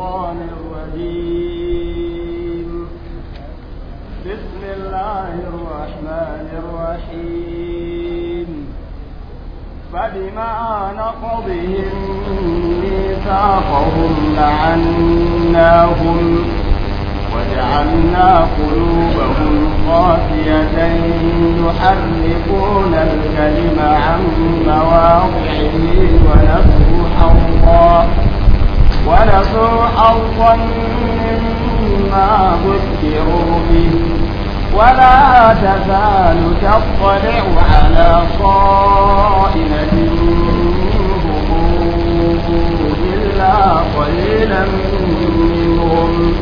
الشيطان الرجيم بسم الله الرحمن الرحيم فبما نقضهم ميثاقهم لعناهم وجعلنا قلوبهم قاسية يحرفون الكلم عن مواضعه ونسوا حظا ونسوا حظا مما ذكروا به ولا تزال تطلع على طائلة منهم إلا قليلا منهم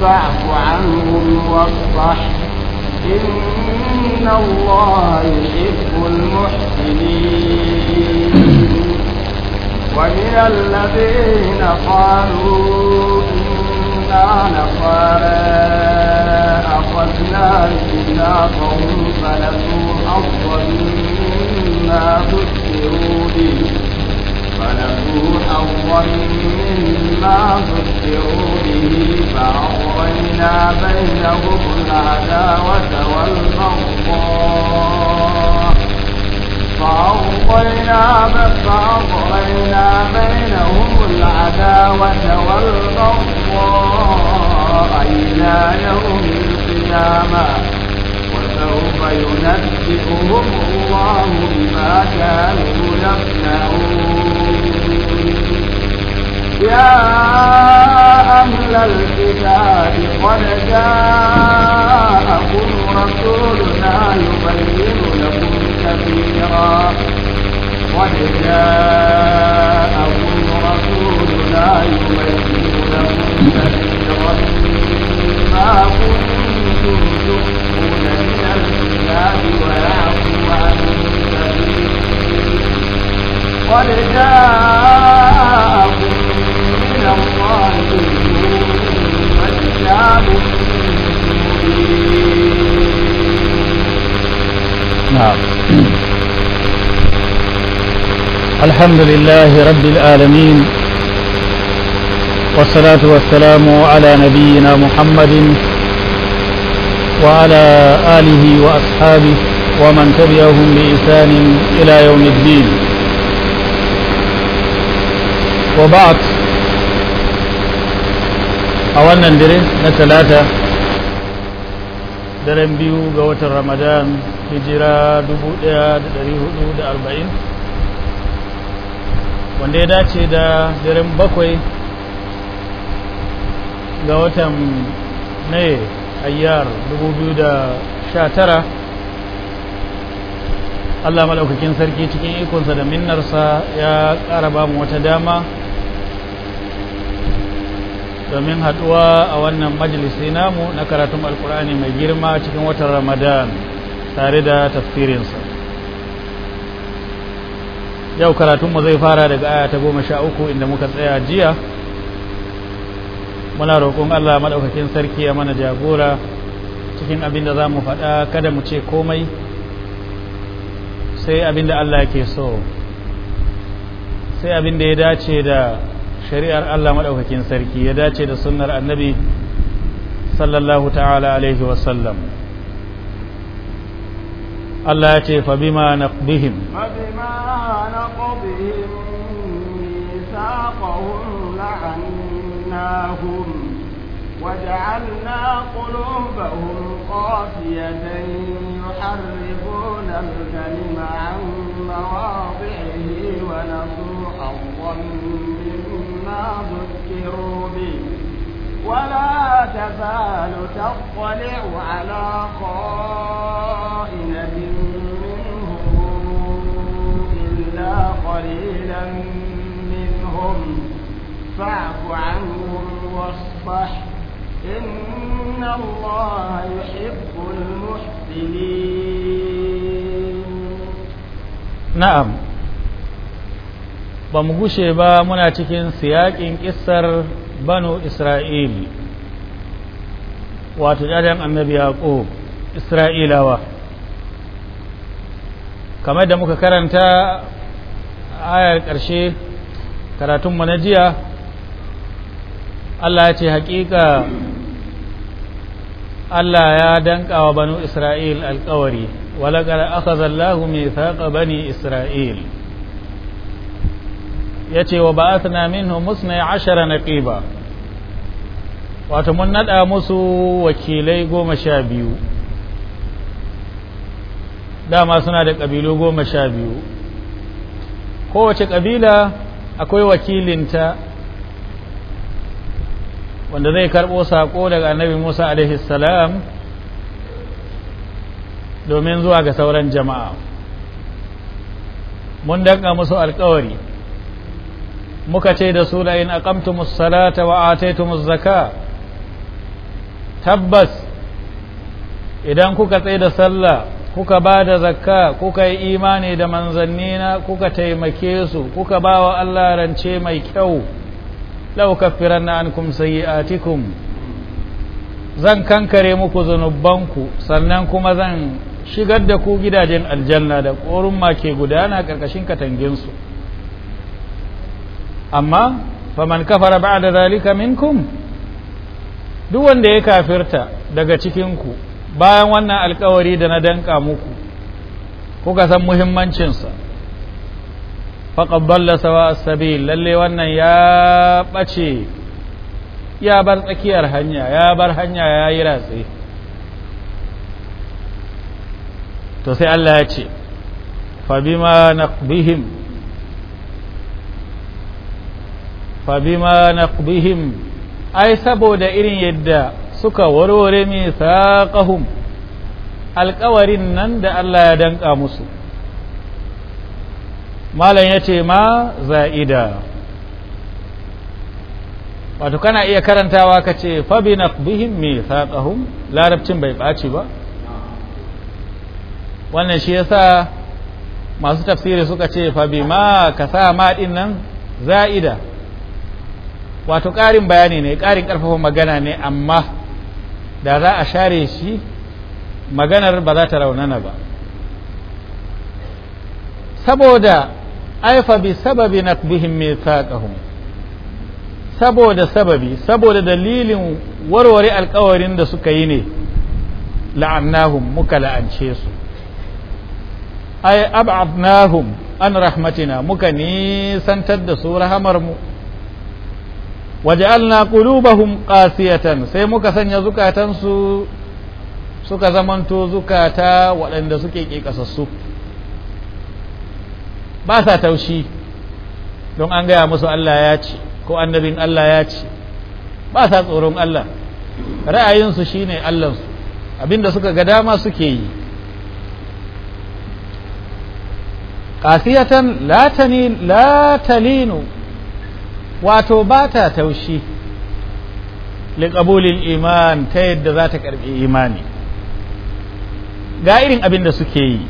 فاعف عنهم واصفح إن الله يحب المحسنين ومن الذين قالوا إنا نصارى أخذنا ميثاقهم فنسوا حظا مما ذكروا به فنسوا حظا مما ذكروا به فأغرينا بينهم العداوة والبغضاء فأغطينا فأغطينا بينهم العداوة والبغضاء إلى يوم القيامة وسوف ينبئهم الله بما كانوا يصنعون يا أهل الكتاب قد جاء قد جاءهم رسولنا يبينهم كثيرا مما كنتم تخفون من الكتاب ويعفو عن كثير قد من الله وكتاب مبين نعم الحمد لله رب العالمين والصلاة والسلام على نبينا محمد وعلى آله وأصحابه ومن تبعهم بإحسان إلى يوم الدين وبعد أولا ندري نتلاتة رمضان biyu ga watan ramadan hijira 1440 wanda ya dace da daren bakwai ga watan mai ayyar 2019 allah maɗaukakin sarki cikin ikonsa da minnarsa ya ƙara ba mu wata dama domin haɗuwa a wannan majalisi namu na karatun alkur'ani mai girma cikin watan ramadan tare da tafsirinsa yau karatunmu zai fara daga aya ta goma sha uku inda muka tsaya jiya muna roƙon Allah maɗaukakin sarki ya mana jagora cikin abin da za mu faɗa kada mu ce komai sai abin da Allah yake so sai abin da ya dace da shari'ar Allah maɗaukakin sarki ya dace da sunnar annabi sallallahu ta'ala alaihi wasallam الله يأتي فبما نقضهم فبما نقضهم ميثاقهم لعناهم وجعلنا قلوبهم قافية يحرفون الكلم عن مواضعه ونسوا حظا مما ذكروا به ولا تزال تطلع على خائنة منهم إلا قليلا منهم فاعف عنهم واصفح إن الله يحب المحسنين نعم ba mu gushe ba muna cikin siyaƙin ƙisar banu isra'il wato ɗaɗen annabi yaƙo isra'ilawa kamar da muka karanta ayar ƙarshe karatunmu na jiya Allah ya ce haƙiƙa Allah ya danƙa wa banu isra'il alƙawari walaƙar aka zallahu mai saƙa bani isra'il ya ce wa ba'athna minhu musnai ashara naqiba wato mun nada musu wakilai goma sha biyu dama suna da ƙabilu goma sha biyu kowace ƙabila akwai wakilinta wanda zai karɓo saƙo daga annabi musa alaihi salam domin zuwa ga sauran jama'a mun danka musu alƙawari muka ce da su la in aqamtumus salata wa ataytumuz zakata tabbas idan kuka tsaye da sallah kuka ba da zakka kuka yi imani da na kuka taimake su kuka ba wa Allah rance mai kyau laukaffiran firanna an kum sayi'atikum zan kankare muku zunubanku sannan kuma zan shigar da ku gidajen aljanna da ƙorin ke gudana ƙarƙashin katanginsu amma faman kafara ba'da zalika minkum duk wanda ya kafirta daga cikinku bayan wannan alkawari da na danka muku kuka san muhimmancinsa faƙad dalla sawa as lalle wannan ya ɓace ya bar tsakiyar hanya ya bar hanya ya yi ratse to sai Allah ya ce fabima naqbihim fabima naqbihim ai saboda irin yadda suka warware mai saƙahun alƙawarin nan da Allah ya danƙa musu malam ya ce ma za'ida wato kana iya karantawa ka ce fabi na bihin mai saƙahun larabcin bai ɓaci ba wannan shi yasa masu tafsiri suka ce fabi ma ka sa maɗin nan za'ida wato ƙarin bayani ne ƙarin ƙarfafa magana ne amma da za a share shi maganar ba za ta raunana ba saboda aifa bi sababi na bihin mithaqahum saboda sababi saboda dalilin warware alkawarin da suka yi ne la'annahum muka la'ance su ay ab'adnahum an rahmatina muka nisantar da su rahamar mu waj'alna qulubahum qasiyatan sai muka sanya zukatansu suka zamanto zukata waɗanda suke kekasassu ba sa taushi don an gaya musu Allah ya ce ko annabin Allah ya ce ba sa tsoron Allah ra'ayinsu shine Allahnsu abinda suka ga dama suke yi qasiyatan la tanil wato ba ta taushi liƙabulin iman ta yadda za ta karɓi imani ga irin abin da suke yi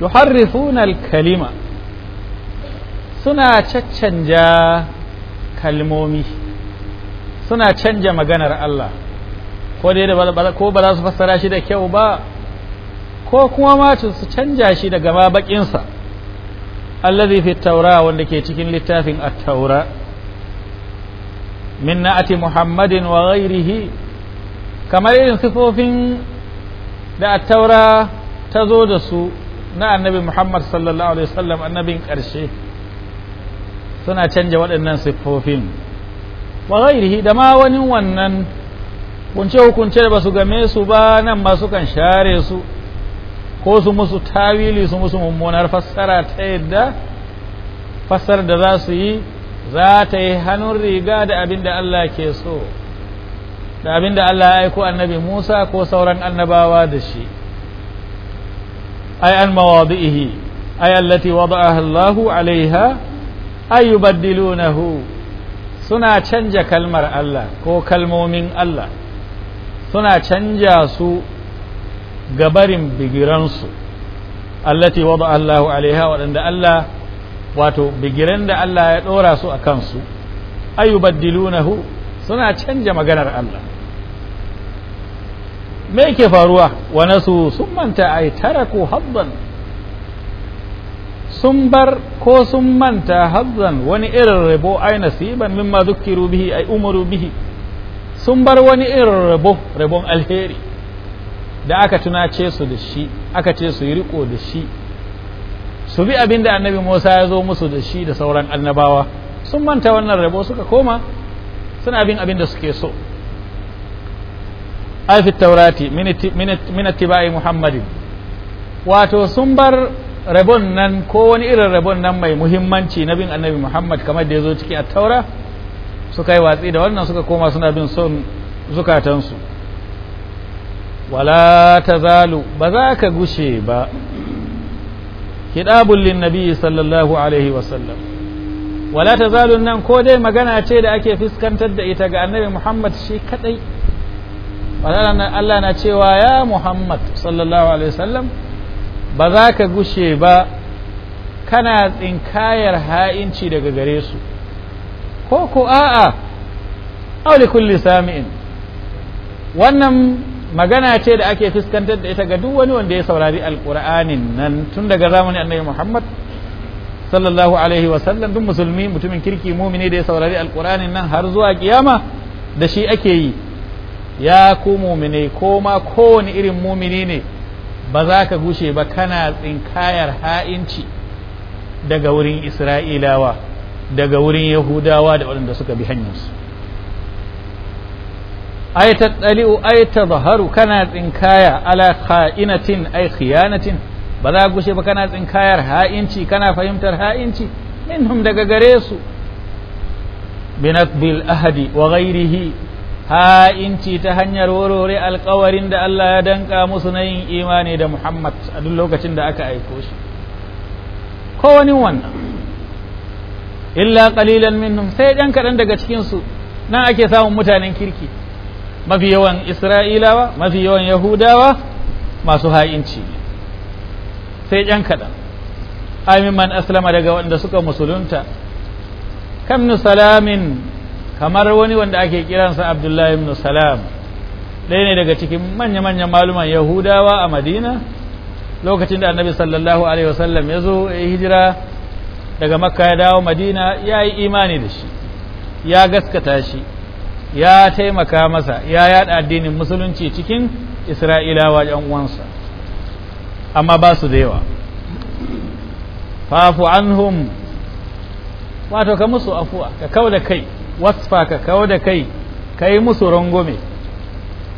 yuharrifuna kalima suna caccanja kalmomi suna canja maganar Allah ko dai da ko ba za su fassara shi da kyau ba ko kuma ma su canja shi daga ma bakinsa allazi fi taura wanda ke cikin littafin at-taura min na'ati muhammadin wa ghairihi kamar irin sifofin da at-taura ta zo da su na annabi muhammad sallallahu alaihi wasallam annabin karshe suna canja waɗannan sifofin wa ghairihi da ma wani wannan kunce hukunce da basu game su ba nan ma sukan share su ko su musu tawili su musu mummunar fassara ta yadda fassar da za su yi za ta yi hannun riga da abin da Allah ke so da abin da Allah ya aiko annabi Musa ko sauran annabawa da shi ay an mawadihi ay allati wada'aha Allahu alaiha ay yubaddilunahu suna canja kalmar Allah ko kalmomin Allah suna canja su gabarin bigiransu allati wada Allahu alaiha waɗanda Allah wato bigiran da Allah ya ɗora su a kansu ayubaddilunahu suna canja maganar Allah me yake faruwa wa nasu sun manta ay taraku haddan sun bar ko sun manta haddan wani irin rabo ay nasiban mimma zukkiru bihi ay umaru bihi sun bar wani irin rabo rabon alheri da aka tunace su da shi aka ce su yi riko da shi su bi abin da annabi Musa ya zo musu da shi da sauran annabawa sun manta wannan rabo suka koma suna bin abin da suke so ai fi taurati min ittiba'i muhammadin wato sun bar rabon nan ko wani irin rabon nan mai muhimmanci na bin annabi muhammad kamar da ya zo ciki a taura suka yi watsi da wannan suka koma suna bin son zukatansu wala ta zalu ba za ka gushe ba lin Nabi sallallahu alaihi wasallam wala ta zalu nan ko dai magana ce da ake fuskantar da ita ga annabi Muhammad shi kadai Allah na cewa ya Muhammad sallallahu alaihi wasallam ba za ka gushe ba kana tsinkayar ha'inci daga gare su ko ko a'a auli kulli sami'in wannan magana ce da ake fuskantar da ita ga duk wani wanda ya saurari al'kur'anin nan tun daga zamanin annabi muhammad sallallahu alaihi wasallam duk musulmi mutumin kirki mumini da ya saurari al'kur'anin nan har zuwa kiyama da shi ake yi ya ku mumini ko ma kowane irin mumini ne ba za ka gushe ba kana tsinkayar ha'inci daga wurin isra'ilawa daga wurin yahudawa da waɗanda suka bi hanyarsu ai tattali'u ai tadhaharu kana tsinkaya ala kha'inatin ai khiyanatin ba za gushe ba kana tsinkayar ha'inci kana fahimtar ha'inci minhum daga gare su binaqbil ahadi wa ha'inci ta hanyar warware alkawarin da Allah ya danka musu na yin imani da Muhammad a duk lokacin da aka aiko shi wani wannan illa kalilan minhum sai dan kaɗan daga cikinsu nan ake samun mutanen kirki mafi yawan isra'ilawa mafi yawan yahudawa masu ha'inci sai yan kaɗan amin man aslama daga wanda suka musulunta kam salamin kamar wani wanda ake kiransa abdullahi ibn salam ɗaya ne daga cikin manya-manyan maluman yahudawa a madina lokacin da annabi sallallahu alaihi wasallam ya zo ya hijira daga makka ya dawo madina ya yi imani da shi ya gaskata shi ya taimaka masa ya yada addinin musulunci cikin isra'ilawa yan uwansa amma ba su da yawa fafu anhum wato ka musu afuwa ka kau da kai wasfa ka kau da kai ka musu rangome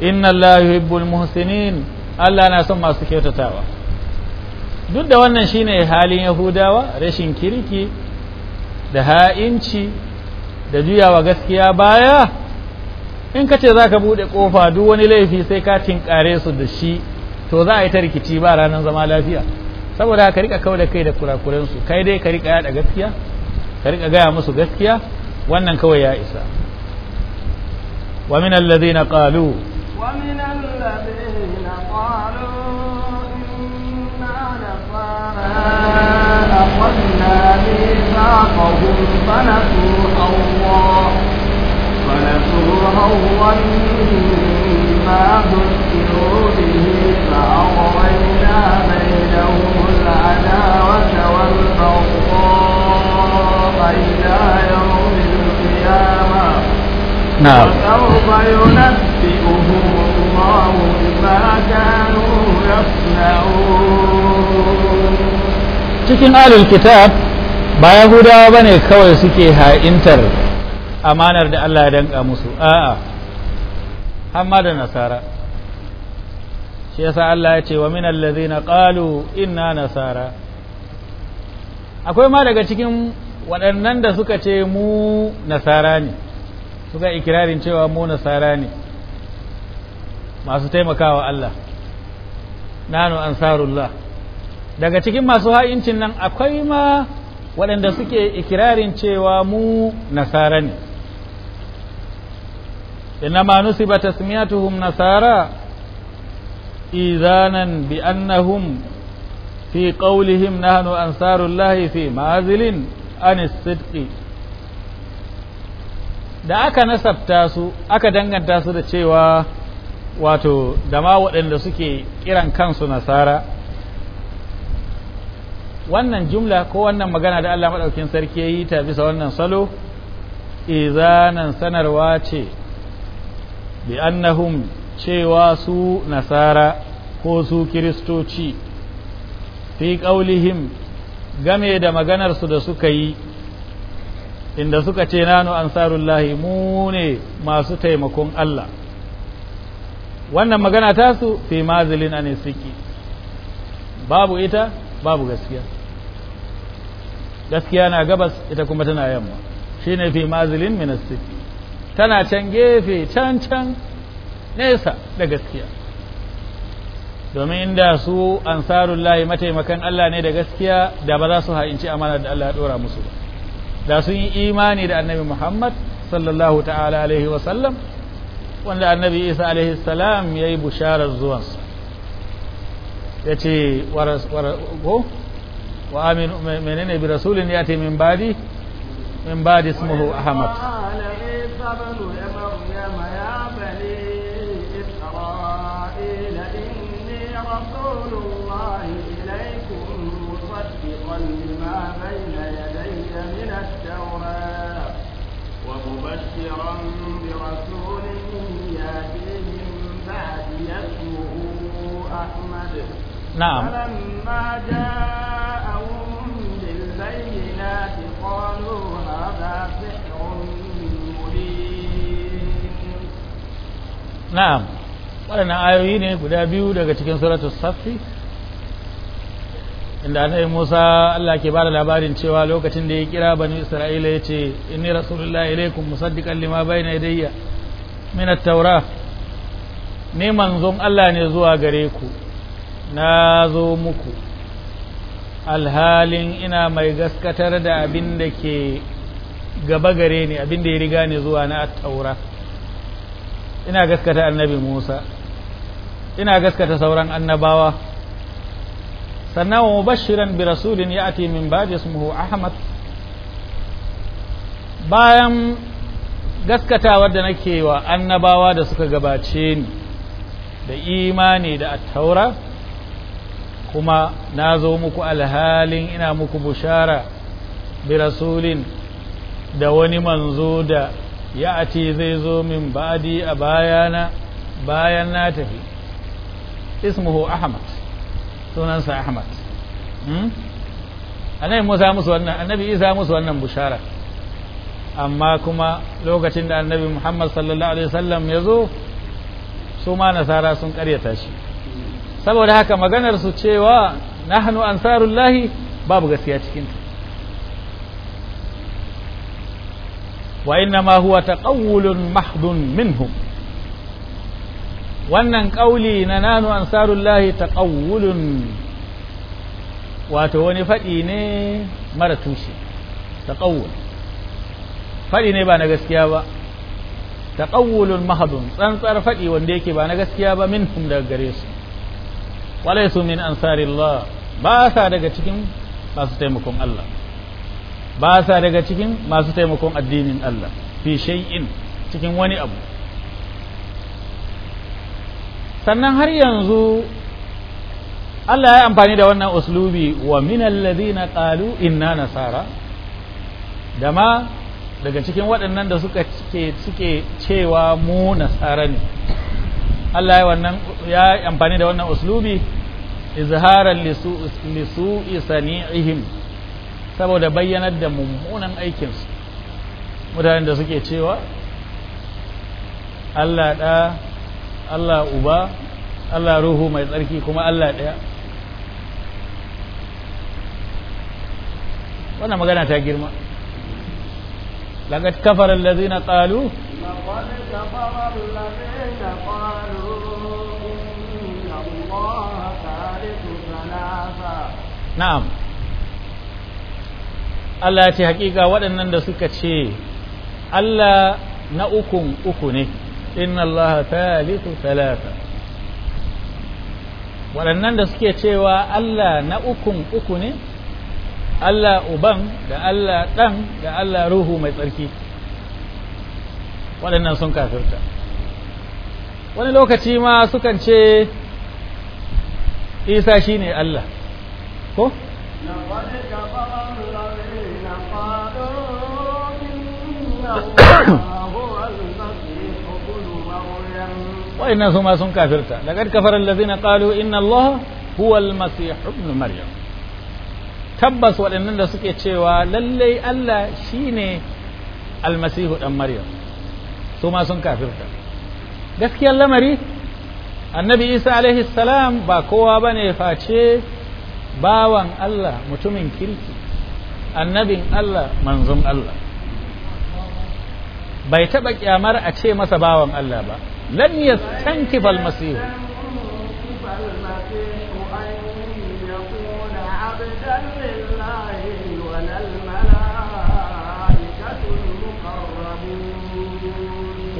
inna Allah yuhibbul muhsinin Allah na son masu kyautatawa duk da wannan shine halin yahudawa rashin kirki da ha'inci da juyawa gaskiya baya in ka ce za ka buɗe ƙofa duk wani laifi sai ka tinkare su da shi to za a yi ta rikici ba ranar zama lafiya saboda ka rika kawai da kai da kurakurensu kai dai ka rika yaɗa gaskiya ka rika gaya musu gaskiya wannan kawai ya isa wa min alladhina qalu wa min alladhina qalu inna nasara akhadna mithaqahum fa nasu Allah فنسوها وإما ذكروا به فأغوينا بينهم العداوة والبغضاء إلى يوم القيامة نعم ينبئهم الله بما كانوا يصنعون cikin alil kitab ba yahudawa bane kawai suke ha'intar amanar da Allah ya danka musu a'a amma da nasara shi yasa Allah ya ce wa min allazina qalu inna nasara akwai ma daga cikin waɗannan da suka ce mu nasara ne suka ikirarin cewa mu nasara ne masu taimakawa Allah nanu ansarullah daga cikin masu ha'incin nan akwai ma waɗanda suke ikirarin cewa mu nasara ne إنما نسب تسميتهم نصارى إيذانا بأنهم في قولهم نحن أنصار الله في معزل عن الصدق da aka nasabta su aka danganta su da cewa wato da ma waɗanda suke kiran kansu nasara wannan jumla ko wannan magana da Allah maɗaukin sarki ya yi ta bisa wannan salo izanan sanarwa ce bi annahum cewa su nasara ko su kiristoci fi kaulihim game da maganarsu da suka yi inda suka ce nanu ansarullahi mu ne masu taimakon Allah wannan magana ta su fi mazilin an siki babu ita babu gaskiya gaskiya na gabas ita kuma tana yamma shine fi mazilin min tana can gefe can can nesa da gaskiya domin inda su layi mataimakan Allah ne da gaskiya da ba za su ha'inci amana da Allah ya dora musu ba da sun yi imani da annabi Muhammad sallallahu ta'ala alaihi wa sallam wanda annabi Isa alaihi salam yayi busharar zuwansa ce wa aminu menene bi rasulin yati min badi من بعد اسمه أحمد قال عيسى بن مريم يا بني إسرائيل إني رسول الله إليكم مصدقا لما بين يدي من التوراة ومبشرا برسول يأتي من بعد اسمه أحمد نعم فلما جاءهم بالبينات قالوا Na'am, waɗannan ayoyi ne guda biyu daga cikin suratul saffi inda annabi Musa Allah ke bada labarin cewa lokacin da ya kira bani Isra'ila ya ce inni rasulullahi ilaikum musaddiqan lima bayna yadayya min at-taura ni manzon Allah ne zuwa gare ku na zo muku alhalin ina mai gaskatar da abin da ke gaba gare ni abinda ya riga ne zuwa na taura ina gaskata annabi Musa ina gaskata sauran annabawa sannan wa mubashiran bi rasulin ya'ti min ba'di ismuhu Ahmad bayan gaskatawar da nake wa annabawa da suka gabace ni da imani da attaura kuma na zo muku alhalin ina muku bushara bi rasulin da wani manzo da ya ce zai zo min ba'adi a bayana bayan na tafi ismuhu ahmad sunansa ahmad hmm? annabi musa musu wannan annabi isa musu wannan bushara amma kuma lokacin da annabi muhammad sallallahu alaihi wasallam ya zo su ma nasara sun karyata shi saboda haka maganar su cewa nahnu ansarullahi babu gaskiya cikinta وإنما هو تقول محض منهم wannan ƙauli na nanu ansarullahi ta ƙaunulun wato wani faɗi ne mara tushe ta ƙaunul faɗi ne ba na gaskiya ba ta ƙaunulun mahadun tsantsar faɗi wanda yake ba na gaskiya ba min hum daga gare su walai su min ansarillah ba sa daga cikin masu taimakon Allah ba sa daga cikin masu taimakon addinin Allah fi shay'in cikin wani abu sannan har yanzu Allah ya amfani da wannan uslubi wa min alladhina qalu inna nasara da ma daga cikin waɗannan da suka ce suke cewa mu nasara ne Allah ya wannan amfani da wannan uslubi izharan lisu lisu sani'ihim saboda bayyanar da mummunan aikinsu mutanen da suke cewa Allah ɗa Allah uba Allah ruhu mai tsarki kuma Allah ɗaya wannan magana ta girma laqad kafara allazina qalu laqad na'am Allah ya ce hakika waɗannan da suka ce Allah na ukun uku ne inna Allah thalithu thalatha waɗannan da suke cewa Allah na ukun uku ne Allah uban da Allah ɗan da Allah ruhu mai tsarki waɗannan sun kafirta wani lokaci ma sukan ce isa shine Allah ko? wa'annan su ma sun kafirta laqad kafara allazina qalu inna allaha huwa almasih ibn maryam tabbas waɗannan da suke cewa lallai Allah shine almasihu dan maryam su sun kafirta gaskiyar lamari annabi isa alaihi salam ba kowa bane face bawan Allah mutumin kirki annabin Allah manzon Allah bai taɓa kyamar a ce masa bawan Allah ba lam yastanki fal masih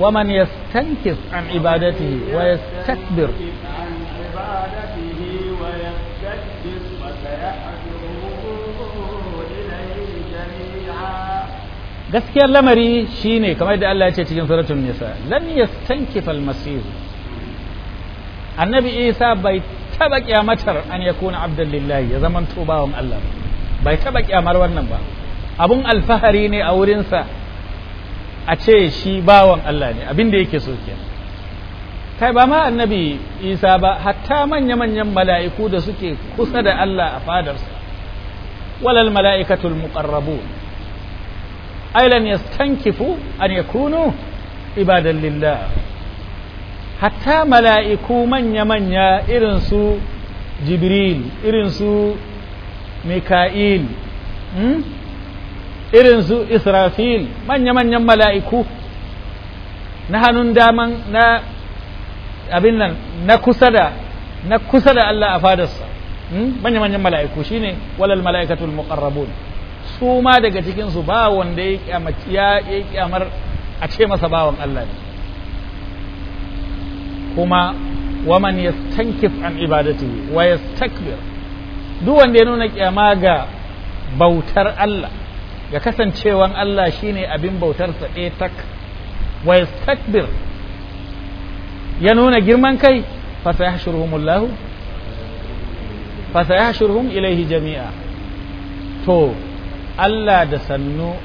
ومن يستنكف عن عبادته ويستكبر gaskiyar lamari shine kamar yadda Allah ya ce cikin suratul nisa lam yastankifa masih annabi isa bai taba kyamatar an yakuna abdan lillahi ya zaman tubawan Allah bai taba kyamar wannan ba abun alfahari ne a wurinsa a ce shi bawan Allah ne abin da yake so kenan kai ba ma annabi isa ba hatta manya-manyan mala'iku da suke kusa da Allah a fadarsa walal mala'ikatul muqarrabun ai lam yastankifu an yakunu ibadan lillah hatta mala'iku manya-manya irin su jibril irin su mika'il irin su israfil manya-manyan mala'iku na hannun daman na abin nan na kusa da na kusa da Allah a fadarsa manya-manyan mala'iku shine walal mala'ikatul muqarrabun su ma daga cikinsu ba wanda ya kyamar a ce masa bawan Allah ne kuma waman ya stankif an ibadatihi wa stakbir duk wanda ya nuna kyama ga bautar Allah ga kasancewan Allah shine abin bautarsa ɗaya tak wa stakbir ya nuna girman kai fa sayahshuruhumullahu fa sayahshuruhum ilaihi jami'a to Allah da sannu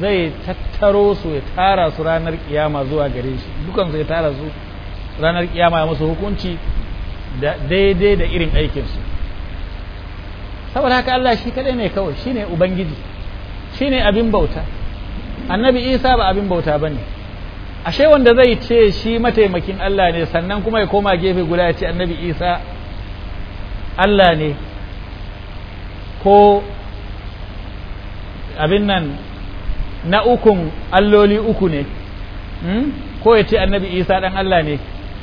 zai tattaro su ya tara su ranar kiyama zuwa gare shi dukansu ya tara su ranar kiyama ya musu hukunci daidai da irin aikinsu saboda haka Allah shi kadai ne kawai shi ne Ubangiji shi ne abin bauta annabi isa ba abin bauta ba ne ashe wanda zai ce shi mataimakin Allah ne sannan kuma ya koma gefe guda ya ce annabi isa Allah ne ko abin nan na ukun alloli uku ne hmm? ko ya ce annabi isa dan Allah ne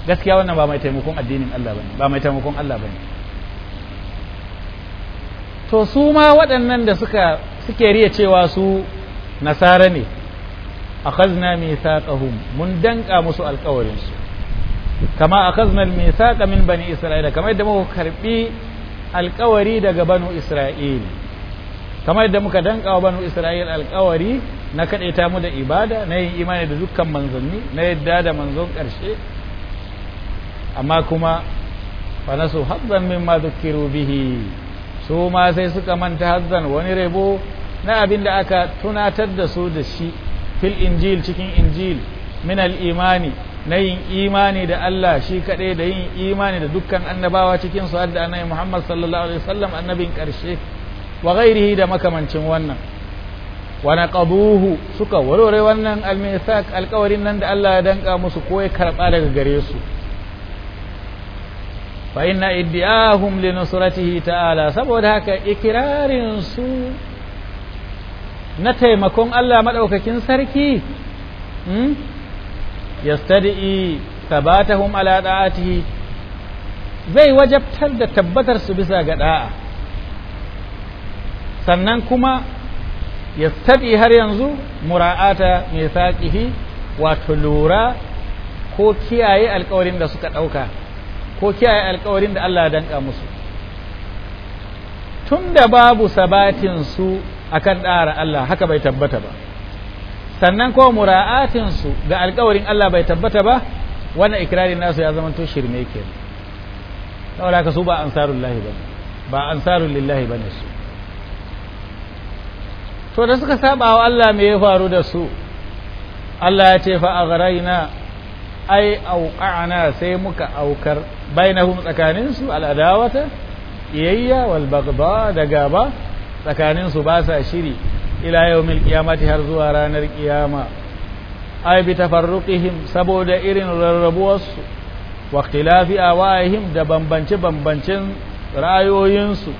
gaskiya wannan ba mai taimakon addinin Allah bane ba mai taimakon Allah bane to su ma waɗannan da suka suke riya cewa su nasara ne akhazna mithaqahum mun danka musu alƙawarin su kama akhazna mithaqa min bani isra'ila kama yadda muka karbi alƙawari daga banu isra'ila kamar yadda muka danka wa banu isra'il alƙawari na kaɗaita mu da ibada na yin imani da dukkan manzanni na yadda da manzon ƙarshe amma kuma fa nasu hazzan mimma dhukiru bihi su ma sai suka manta hazzan wani rebo na abin da aka tunatar da su da shi fil injil cikin injil min al imani na yin imani da Allah shi kaɗai da yin imani da dukkan annabawa cikin su har da annabi Muhammad sallallahu alaihi wasallam annabin ƙarshe wa ghairihi da makamancin wannan wa naqaduhu suka warware wannan al al-mithaq alkawarin nan da Allah ya danka musu ko ya karba daga gare su fa inna iddiahum li nusratihi ta'ala saboda haka ikirarin su na taimakon Allah madaukakin sarki hmm? yastadi tabatahum ala da'atihi zai wajabtar da tabbatar su bisa ga da'a sannan kuma ya tabi har yanzu mura'ata mai saƙihi wato lura ko kiyaye alkawarin da suka ɗauka ko kiyaye alkawarin da Allah danƙa musu tun da babu sabatinsu a kan ɗara Allah haka bai tabbata ba sannan kuma mura'atinsu ga alkawarin Allah bai tabbata ba wannan ikirarin nasu ya zama to shirme kenan saboda ka su ba ansarun lahi ba ba ansarun lillahi ba ne su to da suka saba wa Allah me ya faru da su Allah ya ce fa aghraina ai auqa'na sai muka aukar bainahum tsakanin su al'adawata iyayya wal baghdha da gaba tsakanin su ba sa shiri ila yawmil qiyamati har zuwa ranar ƙiyama. ai bi tafarruqihim saboda irin rarrabuwarsu wa ikhtilafi awaihim da bambance bambancen ra'ayoyinsu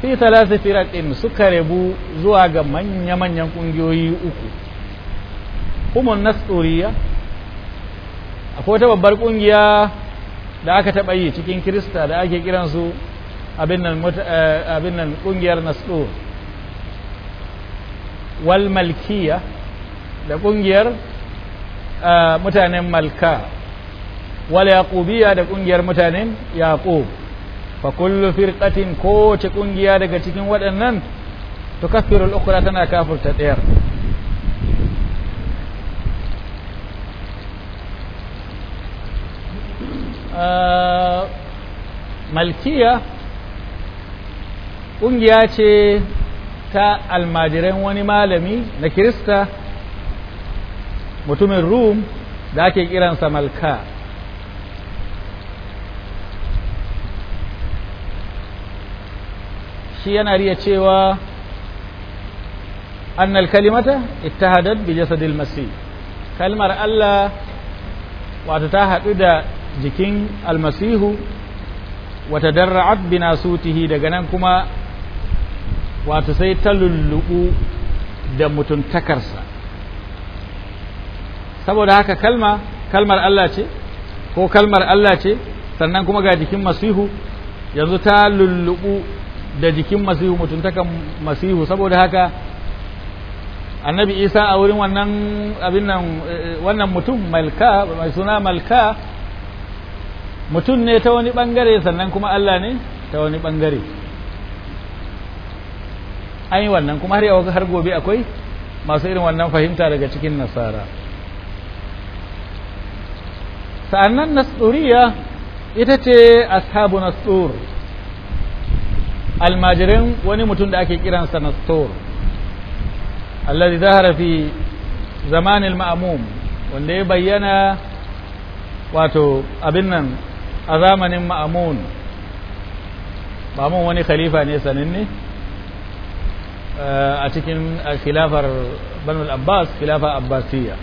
fi salasa ɗin suka rabu zuwa ga manya-manyan ƙungiyoyi uku umar nasturiya akwai wata babbar ƙungiya da aka taɓa yi cikin kirista da ake kiransu abin nan ƙungiyar eh, nasur wal malkiya da ƙungiyar eh, mutanen malka wal yaƙubiya da ƙungiyar mutanen yaƙubu fa kullu firqatin kowace kungiya daga cikin waɗannan tukaffiru al-ukhra tana kafirta ɗayar ah, malkiya ƙungiya ce ta almajiran wani malami na kirista mutumin rum da ake kiransa malka shi yana riya cewa annal kalimata ittahadat bi jasadil masih kalmar Allah wato ta haɗu da jikin almasihu wata darra'at bi nasutihi daga nan kuma wato sai ta lulluɓu da mutuntakarsa saboda haka kalma kalmar Allah ce ko kalmar Allah ce sannan kuma ga jikin masihu yanzu ta lulluɓu da jikin masihu mutuntakan masihu saboda haka annabi isa a wurin wannan abin nan eh, wannan mutum malka mai suna malka mutum ne ta wani bangare sannan kuma Allah ne ta wani bangare an yi wannan kuma har yau har gobe akwai masu irin wannan fahimta daga cikin nasara sa'annan nasturiya ita ce ashabu nastur almajirin wani mutum da ake kiransa nastor alladhi zahara fi zamanin ma'mum wanda ya bayyana wato abin nan a zamanin ma'amun ma'amun wani khalifa ne saninne eh, a cikin khilafar banul abbas khilafa abbasiyya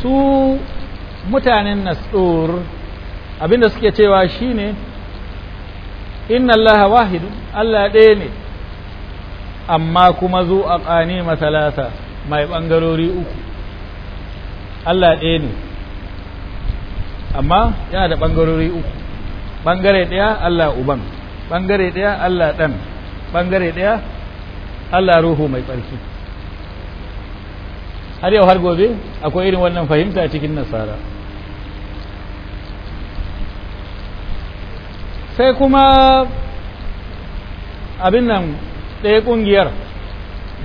su mutanen nasur abinda suke cewa shine inna allaha wahidun allah ɗaya ne amma kuma zo a ƙane masalasa mai ɓangarori uku allah ɗaya ne amma yana da ɓangarori uku ɓangare ɗaya allah uban ɓangare ɗaya allah ɗan ɓangare ɗaya allah ruhu mai tsarki har yau har gobe akwai irin wannan fahimta cikin nasara sai kuma abin nan ɗaya ƙungiyar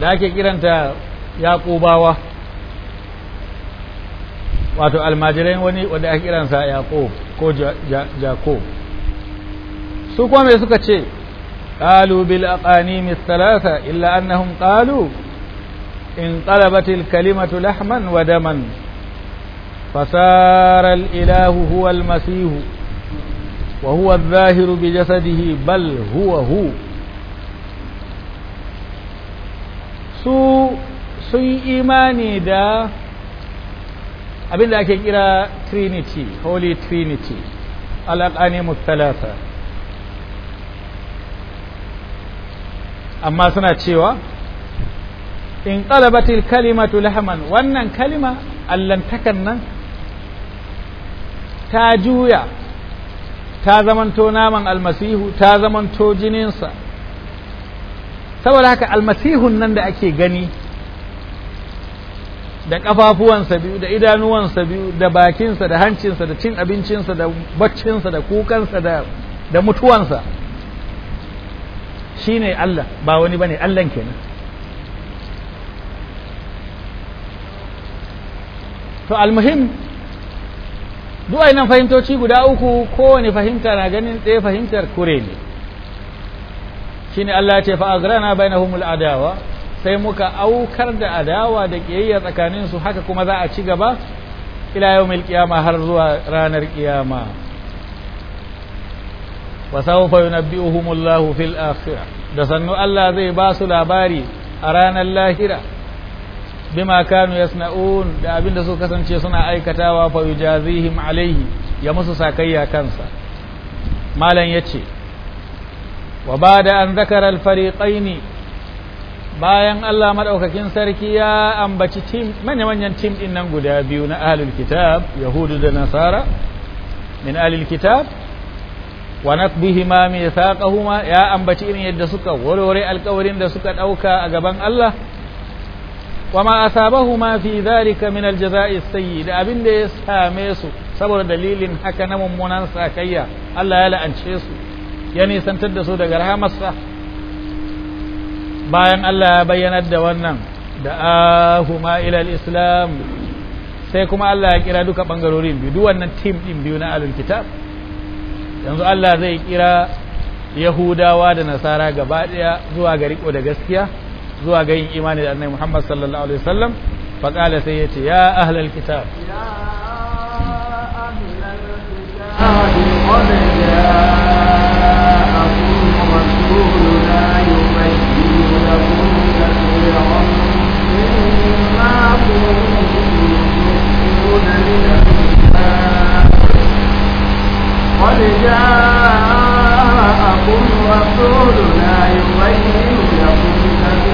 da ake kiranta yaƙubawa wato almajirai wani wanda ake kiransa yaƙo ko jaƙo. su kuma mai suka ce ƙalu bil aqani mistalasa illa annahum ƙalu in ƙalabatil kalimatu lahman wa daman fasarar ilahu huwal masihu وهو الظاهر بجسده بل هو هو su sun imani da abin da ake kira trinity holy trinity al'animu talata amma suna cewa in ƙalabatil kalimatu lahman wannan kalima allantakan nan ta juya ta zamanto naman almasihu ta zamanto jininsa saboda haka almasihun nan da ake gani da ƙafafuwansa biyu da idanuwansa biyu da bakinsa da hancinsa da cin abincinsa da baccinsa da kukansa da da mutuwansa shine Allah ba wani bane Allah kenan to almuhim duk nan fahimtoci guda uku kowane fahimta na ganin ɗaya fahimtar kure ne ne Allah ya ce fa na bainahumul adawa sai muka aukar da adawa da ƙiyayya tsakaninsu haka kuma za a ci gaba ila mil ƙiyama har zuwa ranar ƙiyama wa sawfa yunabbi'uhumullahu fil akhirah da sannu Allah zai ba su labari a ranar lahira bima kanu yasna'un da abinda su kasance suna aikatawa fa yujazihim alaihi ya musu sakayya kansa malam yace wa bada an zakara al-fariqaini bayan Allah madaukakin sarki ya ambaci tim manya manyan tim din nan guda biyu na ahlul kitab yahudu da nasara min ahlul kitab wa naqbihima mithaqahuma ya ambaci irin yadda suka warware alƙawarin da suka dauka a gaban Allah wa ma asabahuma fi dhalika min aljaza'i sayyi da abin da ya same su saboda dalilin haka na mummunan sakayya Allah ya la'ance su ya nisantar da su daga rahamarsa bayan Allah ya bayyanar da wannan da ahuma ila islam sai kuma Allah ya kira duka bangarorin biyu duk wannan team din biyu na alul yanzu Allah zai kira Yahudawa da Nasara gaba daya zuwa ga riko da gaskiya zuwa ga yin imani da annabi Muhammad sallallahu alaihi wasallam fa qala sai yace ya ahlal kitab ya ahlal kitab قد جاءكم رسولنا يبين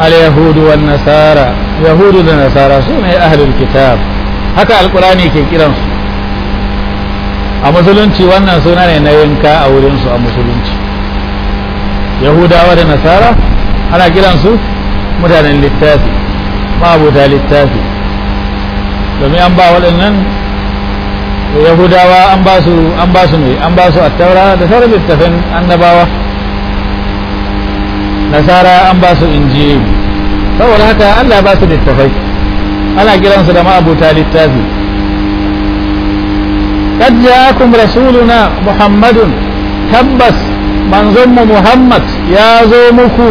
al-yahud nasara yahudu da nasara suna ne ahlul kitab haka alqurani ke kiran su a musulunci wannan suna ne na yanka a wurin su a musulunci yahudawa da nasara ana kiran mutanen littafi ma'abuta littafi domin an ba waɗannan yahudawa an ba su attaura da sauran littafin annabawa nasara an ba su injil saboda haka Allah ba su littafai ana kiransu da ma'abuta littafi قد جاءكم رسولنا محمد تبس من ضم محمد يا زومكو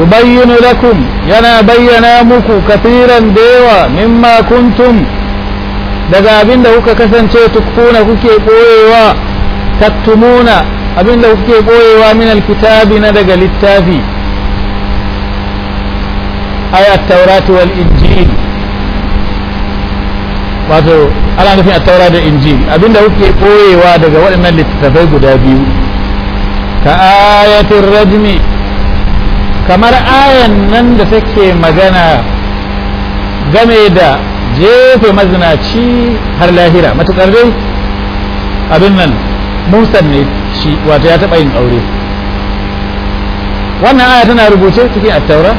يبين لكم ينا بينا مكو كثيرا ديوا مما كنتم daga abin da kuka kasance tukuna kuke koyewa taktumuna abin da kuke boyewa min alkitabi na daga littafi ay tauratu wal injil wato ana nufin a taura da injil abinda kuke koyewa daga waɗannan littattafai guda biyu ka ayatin rajmi kamar ayan nan da take magana game da jefe mazinaci har lahira matuƙar dai abin nan musan ne shi wato ya taɓa yin aure wannan aya tana rubuce cikin attaura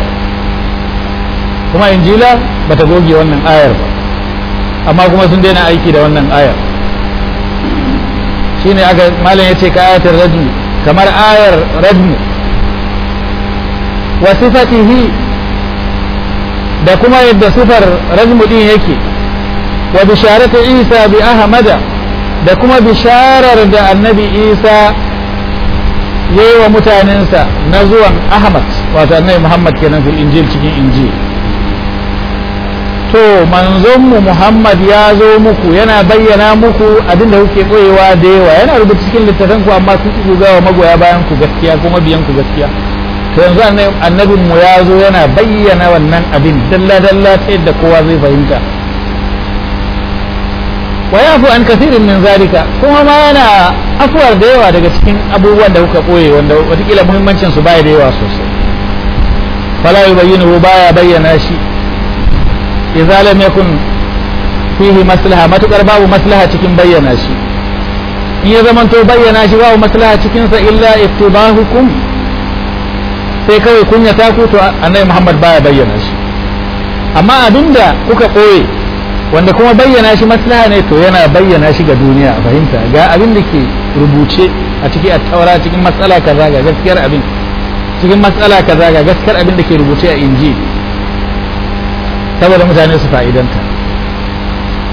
kuma injila ba ta goge wannan ayar ba amma kuma sun daina aiki da wannan ayar shine aka malam ya ce ka ayatar rajmi kamar ayar rajmi wa sifatihi da kuma yadda sifar rajmu din yake wa bisharatu isa bi ahmada da kuma bisharar da annabi isa ya yi wa mutanensa na zuwan ahmad wato annabi muhammad kenan fil injil cikin injil to manzonmu muhammad ya zo muku yana bayyana muku abinda kuke koyewa da yawa yana rubuta cikin littafin ku amma sun ku gawa magoya bayan ku gaskiya ko mabiyan ku gaskiya to yanzu annabin mu ya zo yana bayyana wannan abin dalla dalla ta yadda kowa zai fahimta wa yafu an kasirin min zalika kuma ma yana afuwar da yawa daga cikin abubuwan da kuka koye wanda watakila muhimmancin su baya da yawa sosai fala yubayyinu baya bayyana shi idza lam yakun fihi maslaha matukar babu maslaha cikin bayyana shi in ya zamanto bayyana shi babu maslaha cikin sa illa ittibahukum sai kawai kunya ta ku to annabi Muhammad baya bayyana shi amma abinda kuka koye wanda kuma bayyana shi maslaha ne to yana bayyana shi ga duniya a fahimta ga abin da ke rubuce a cikin attaura cikin matsala kaza ga gaskiyar abin cikin matsala kaza ga gaskiyar abin da ke rubuce a inji saboda mutane su fa'idanta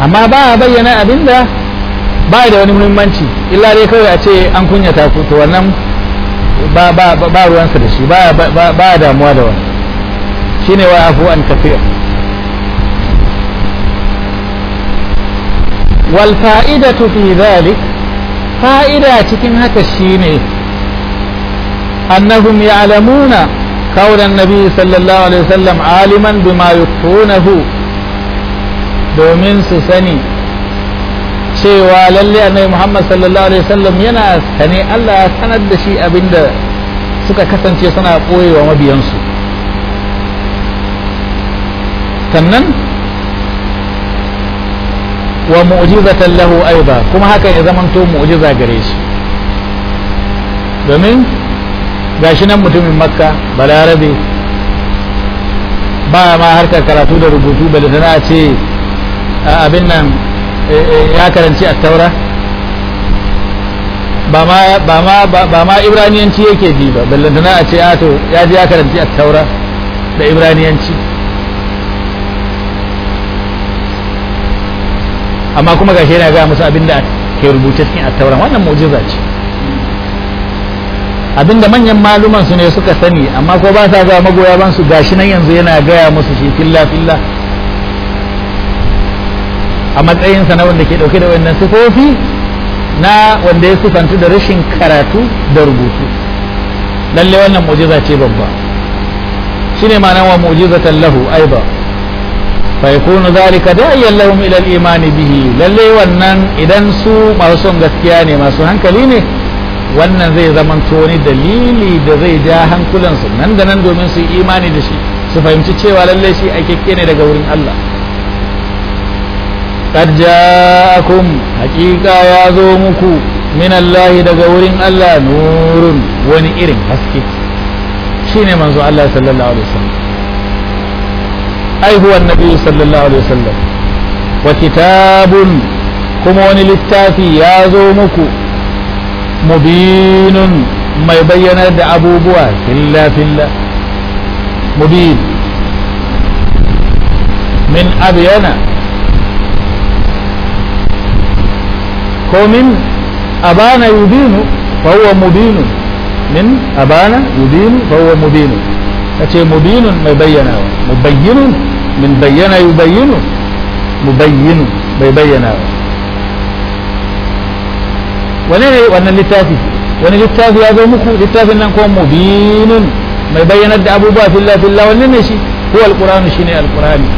amma ba a bayyana abin da ba da wani muhimmanci illa dai kawai a ce an kunyata ku to wannan ba ba ba ruwansa da shi ba ba damuwa da shi shine wa afu an kafir والفائدة في ذلك فائدة كمها تشيني أنهم يعلمون كون النبي صلى الله عليه وسلم عالما بما يخفونه دومين سسني شيوا للي أنه محمد صلى الله عليه وسلم يناس هني ألا سند شيء أبند سكا كثن شيء صنع قوي وما بينسو تنن wa mu'jizatan lahu aiba kuma haka ya zamanto mu'jiza gare shi domin gashi nan mutumin makka balarabe ba ma harkar karatu da rubutu ba da ce abin nan eh, eh, ya karanci a taura ba ma ibraniyanci yake ji ba ballantana a ce ato ya ji ya karanci a taura da ibraniyanci amma kuma gashi yana gaya musu abinda ke rubuce cikin attauran wannan mu'jiza ce abinda manyan maluman su ne suka sani amma ko ba sa ga magoya ban su gashi nan yanzu yana gaya musu shi filla filla a matsayin sa na wanda ke dauke da wannan sifofi na wanda ya sifantu da rashin karatu da rubutu lalle wannan mu'jiza ce babba shine ma'anar wa mu'jizatan lahu aiba fa yakunu zalika da'iyan lahum ila al-iman bihi lalle wannan idan su masu son gaskiya ne masu hankali ne wannan zai zama ne dalili da zai ja hankulansu nan da nan domin su yi imani da shi su fahimci cewa lalle shi akekke ne daga wurin Allah qad ja'akum ya zo muku min Allah daga wurin Allah nurun wani irin haske shine manzo Allah sallallahu alaihi wasallam أي هو النبي صلى الله عليه وسلم وكتاب كمون للتافي يا زومك مبين ما يبين أبو بوا إلا في الله مبين من أبينا كمن أبانا يبين فهو مبين من أبانا يدين فهو مبين ce mubinun mai bayyana wa mubayyinun min bayyana yubayyinu mubayyinu bai bayyana wa Wani ne wannan littafi wani littafi ya zo muku littafin nan kuma mubinun mai bayyanar da abubuwa filla filla wannan ne shi ko alqur'ani shine alqur'ani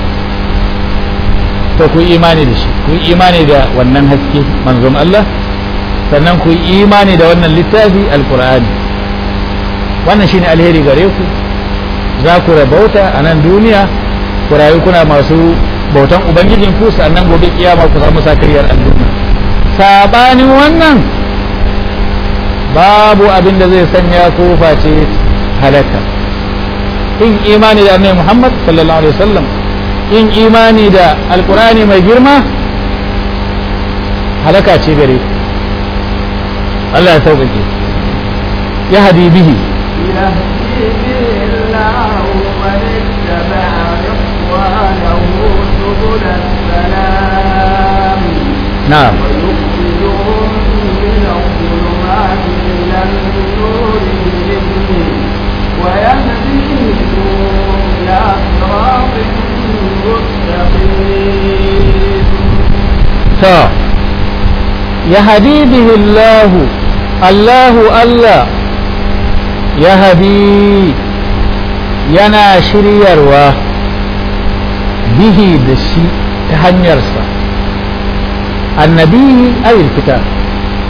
to ku imani da shi ku imani da wannan haske manzon Allah sannan ku imani da wannan littafi alqur'ani wannan shine alheri gare ku za ku rabauta a nan duniya ku rayu kuna masu bautan ubangijin ku sannan gobe kiyama ku samu sakariyar aljanna sabanin wannan babu abin da zai sanya ku face halaka in imani da annabi Muhammad sallallahu alaihi wasallam in imani da alkurani mai girma halaka ce gare ku Allah ya sauƙaƙe ya hadi bihi السلام نعم ويخرجهم من الظلمات إلى النور بإذنه ويهديهم إلى صراط مستقيم يهدي به الله الله الله يهدي ينا شريروا bihi da shi ta hanyarsa annabi ayil kitab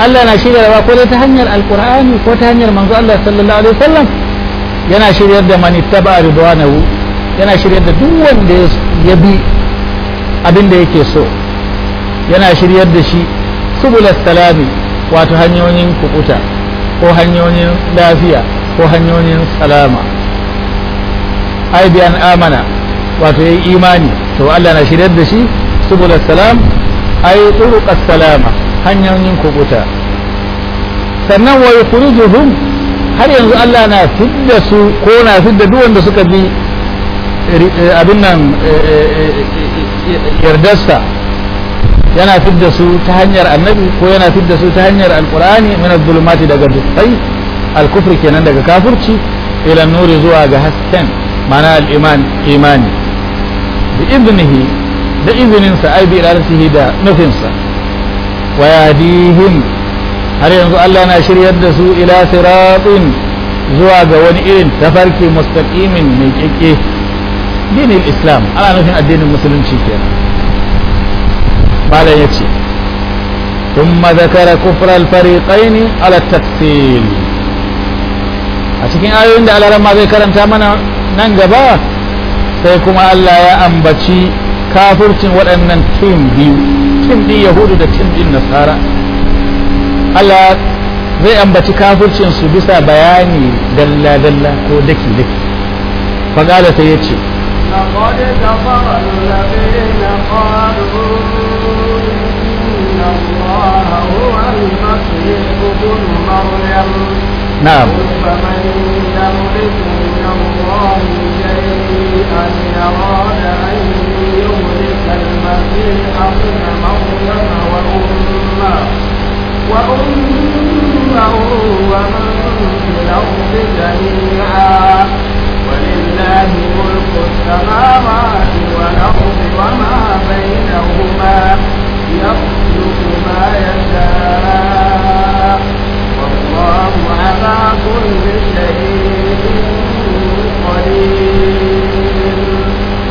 Allah na shirya da ko ta hanyar alkur'ani ko ta hanyar manzo Allah sallallahu alaihi wasallam yana shiryar da man ittaba ridwanahu yana shiryar da duk wanda ya bi abin da yake so yana shiryar da shi subulus salami wato hanyoyin kukuta ko hanyoyin lafiya ko hanyoyin salama ai bi an amana wato ya yi imani to Allah na shiryar da shi subul salam ay turuq salama hanyar yin kubuta sannan wa yukhrijuhum har yanzu Allah na fidda su ko na fidda duk wanda suka bi eh, eh, abin nan eh, yardasta yana fidda su ta hanyar annabi ko yana fidda su ta hanyar alqur'ani min az-zulumati daga dukkai al kenan daga kafirci ila nuri zuwa ga hasken ma'ana al-iman imani bi iznihi da izininsa ai bi iradatihi da nufinsa wa yahdihim har yanzu Allah na shiryar da su ila siratin zuwa ga wani irin tafarki mustaqimin mai kike dinin islam ana nufin addinin musulunci kenan malam yace ثم ذكر كفر الفريقين على التكفير a cikin ayoyin da alaran ma zai karanta mana nan gaba sai kuma Allah ya ambaci kafircin waɗannan tim biyu tim ɗin yahudu da tim ɗin nasara Allah zai ambaci kafircin su bisa bayani dalla-dalla ko daki-daki fagala sai ya ce لقد أن أراد أن يهلك المسيح ابن مريم وأمه ومن في الأرض جميعا ولله ملك السماوات والأرض وما بينهما يخلق ما يشاء والله على كل شيء قدير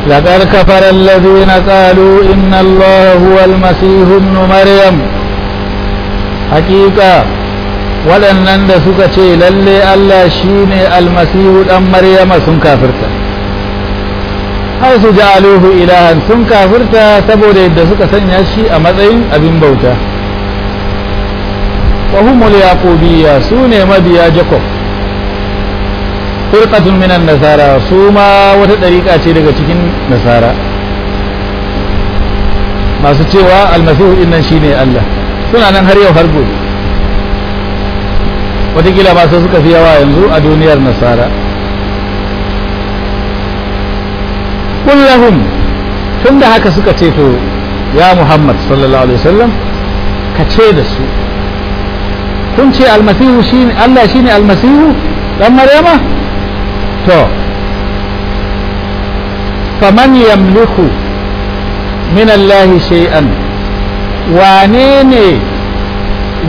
لقد كفر الذين قالوا إن الله هو المسيح ابن مريم حقيقة ولن نند سكة للي ألا شين المسيح أم مريم سن كافرتا حيث جعلوه إلها سن كافرتا سبو ليد سكة سن يشي أمدين أبن بوتا وهم اليعقوبية سوني مديا جكوب firqatun minan nasara su ma wata dariƙa ce daga cikin nasara masu cewa almasihu innan shine Allah suna nan har yau har gobe watakila ba suka fi yawa yanzu a duniyar nasara kullahum tun da haka suka ce to ya muhammad sallallahu alaihi wasallam ka ce da su kun ce almasihu shine Allah shine almasihu dan maryama فمن يملك من الله شيئا وانيني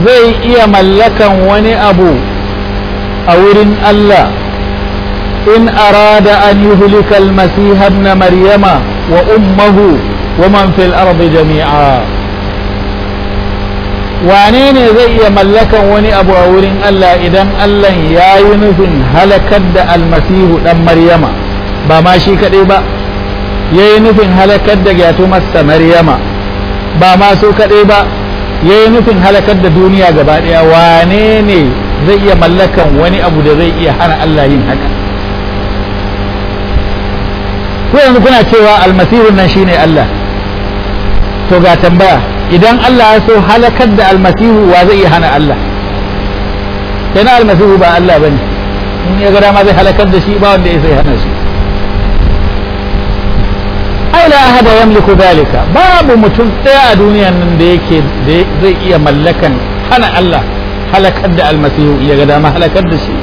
زي يا ملكا وني ابو اور الله ان اراد ان يهلك المسيح ابن مريم وامه ومن في الارض جميعا wane ne zai iya mallakan wani abu a wurin Allah idan Allah ya yi nufin halakar da almasihu ɗan maryama ba ma shi kaɗai ba ya yi nufin halakar da gyatumarsa maryama ba ma su kaɗai ba ya yi nufin halakar da duniya gaba ɗaya wane ne zai iya mallakan wani abu da zai iya hana Allah yin haka ko yanzu kuna cewa almasihun nan shine Allah to ga tambaya idan Allah ya so halakar da almasihu wa zai hana Allah yana almasihu ba Allah ba ne in ya gada ma zai halakar da shi ba wanda ya sai hana shi ai la ahada yamliku zalika babu mutum ɗaya a duniyan nan da yake zai iya mallakan hana Allah halakar da almasihu ya gada ma halakar da shi